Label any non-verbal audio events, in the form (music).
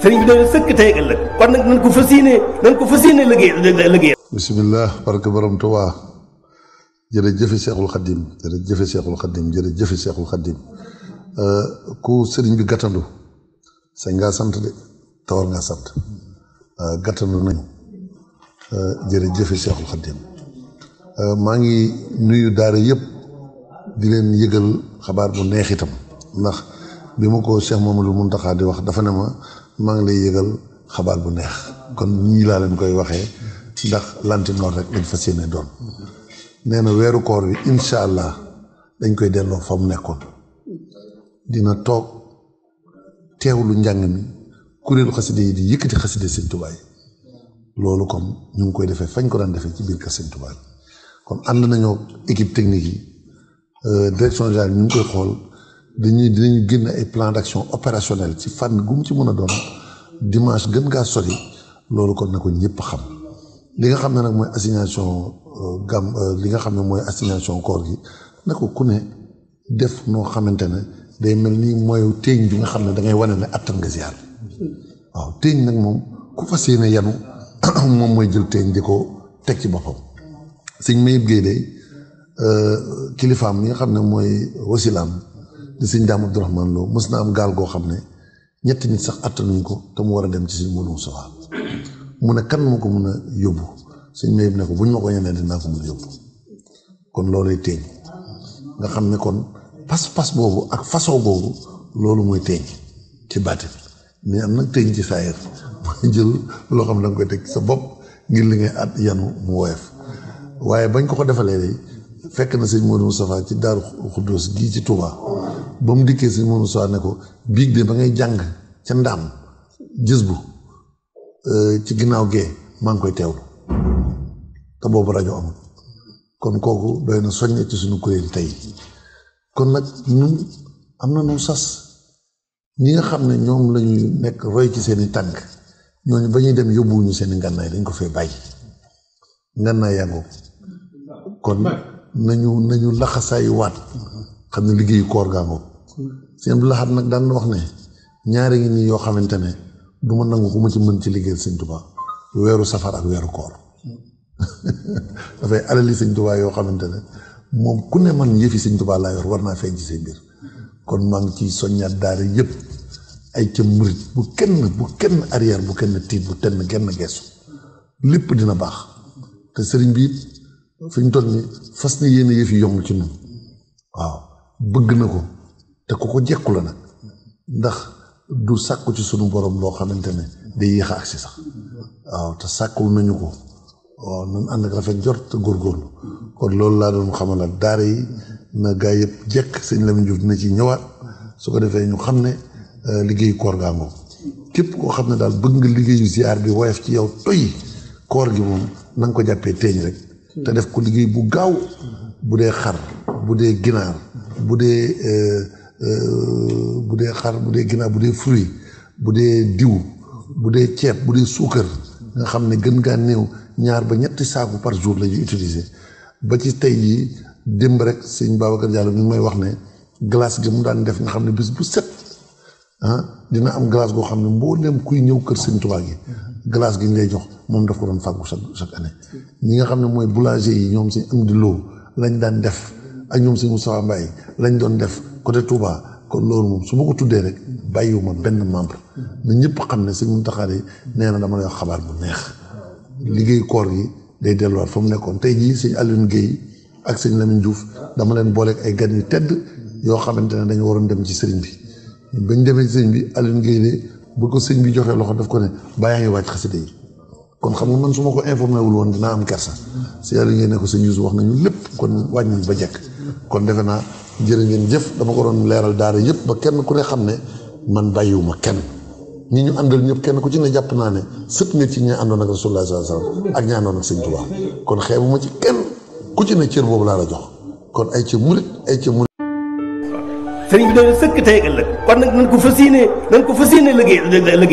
sëriñ bi dana sëkk tey ëllëg kon nag nañ ko fas yéene nañ ko fas yéene liggéey liggéey. barke borom Tuubaa jërëjëf Seexul Xaddim jërëjëf Seexul Xaddim jërëjëf Seexul Xaddim euh, ku sëriñ bi gàttandu sañ ngaa sant de te war ngaa sant euh, gàttandu nañu euh, jërëjëf Seexul Xaddim maa ngi nuyu daara yëpp di leen yëgal xabaar bu neex itam ndax. bi ma ko Cheikh mun Mountakha di wax dafa ne ma maa ngi lay yëgal xabaar bu neex kon ñii laa leen koy waxee ndax lanti noor rek lañ fas yéene doon nee na weeru koor bi incha allah dañ koy delloo fa mu nekkoon dina toog teew lu njàng mi kuréelu xaside yi di yëkkati xaside sëñ Tuubaa yi loolu comme ñu ngi koy defee fañ ko daan defee ci biir kër sëñ Tuubaa kon ànd nañoo équipe technique yi euh, direction générale ñu ngi koy xool dañuy dinañu génn ay plan d'action opérationnel ci fànn gu mu ci mën a doon dimanche gën ngaa sori loolu kon na ko ñëpp xam li nga xam ne nag mooy assignation euh, gam euh, li nga xam ne mooy assignation koor gi na ko ku ne def noo xamante ne day mel ni mooy téeñ bi nga xam ne da ngay wane ne attan nga ziar waaw téeñ nag moom ku fas yéene yanu (clears throat) moom mooy jël téeñ di ko teg ci boppam sëñ Mayib Guèye day euh, kilifaam li nga xam ne mooy wasilaam di sëñ Daam Abdourahmane Lo mës na am gaal goo xam ne ñetti nit sax attanuñ ko te mu war a dem ci sëñ Moodu Mustafaa mu ne kan moo ko mën a yóbbu sëñ ne ko bu ñu ma ko ñemee dinaa ko kon loolay teeñ nga xam ne kon pas-pas boobu ak façon boobu loolu mooy teeñ ci baatin mais nag teeñ ci saayir jël loo xam ne koy teg sa bopp ngir li ngay at yanu mu woyof waaye bañ ko ko defalee day na sëñ Moodu Mustafaa ci daaru Xuddoos gii ci Touba. ba mu dikkee sëñ Mourou Moussa ne ko biig de ba ngay jàng ca ndaam gis bu euh, ci ginnaaw gee maa ngi koy teewlu te boobu rajo amul kon kooku doy na soññe ci suñu kuréel tey kon nag ñun am na nu sas ñi nga xam ne ñoom la nekk roy ci seeni tànk ñooñu ba ñuy dem yóbbuwuñu seeni ngànnaay dañ ko fee bàyyi ngànnaay yàggoo kon nañu nañu laxasaayu waat xam ne liggéeyu koor gaa ngoog sëñ Abdou Lahad nag daan wax ne ñaari ngi nii yoo xamante ne du ma nangu ku ma ci mën ci liggéeyal sëñ Tuubaa weeru safar ak weeru koor (laughs) dafay alali sëñ Tuubaa yoo xamante ne moom ku ne man yëfi sëñ Tuubaa laa yor war naa feeñ ci seen biir kon maa ngi ciy soññaat daara yëpp ay ca murit bu kenn bu kenn arrière bu kenn tiit bu tenn kenn geesu lépp dina baax te sëriñ bi it fi ñu toll nii fas na yéene yëfi yomb ci ñun waaw bëgg na ko. te ko ko jekku la nag ndax du sàkku ci sunu boroom loo xamante ne day yéex agsi sax waaw te sàkkul nañu ko waaw nan ànd ak rafet jot te góorgóorlu loolu laa doon xamalal daara yi na gaa yëpp jekk sëñ Lamine Diouf dina ci ñëwaat su ko defee ñu xam ne euh, liggéeyu koor gaa moom képp koo xam ne daal bëgg nga liggéeyu si ziar bi woyof ci yow toy koor gi moom na ko jàppee teeñ rek te def ko liggéey bu gaaw bu dee xar bu dee ginaar bu dee euh, Euh, bu dee xar bu dee ginaar bu dee fruit bu dee diw bu dee ceeb bu dee suukar nga xam ne gën ngaa néew ñaar ba ñetti saaku par jour la ñuy utiliser ba ci tey jii démb rek sëñ Babacar Diallo mi ngi may wax ne glace gi mu daan def nga xam ne bis bu set ah dina am glace goo xam ne mbooleem kuy ñëw kër sëñ Tuubaa yi glace gi ñu lay jox moom def ko doon fàggu chaque chaque année ñi nga xam ne mooy boulanger yi ñoom sëñ am di loo lañ daan def ak ñoom sëñ Moustapha Mbaye lañ doon def côté Touba kon loolu moom su ma ko tuddee rek bàyyiwuma benn membre na ñëpp xam ne sëñ Muntaxa yi nee na dama lay wax xabaar bu neex liggéey koor gi day delluwaat fa mu nekkoon tey jii sëñ Alioune Guèye ak sëñ Lamine Diouf dama leen booleeg ay gan yu tedd yoo xamante ne dañu waroon dem ci sëriñ bi bañ demee ci sëriñ bi Alioune Guèye de bu ko sëñ bi joxee loxo def ko ne bàyyaa ngi wàcc xasida yi kon xam nga man su ma ko informé wul woon dinaa am kersa si Alioune Guèye ne ko sëñ Youssou lépp kon wàññi ba jekk kon jërë ngeen jëf dama ko doon leeral daara yëpp ba kenn ku ne xam ne man bàyyiwuma kenn ñi ñu àndal ñëpp kenn ku ci ne jàpp naa ne sët nga ci ñi àndoon ak rasulullah sallallahu alayhi wasallam ak ñi àndoon ak sëñ Tuubaa kon xeebuma ci kenn ku ci ne cër boobu laa la jox kon ay ca murit ay ci murit. sëriñ bi dañu sëkk tey ëllëg kon nag nañ ko fas yéene ko fas yéene liggéey liggéey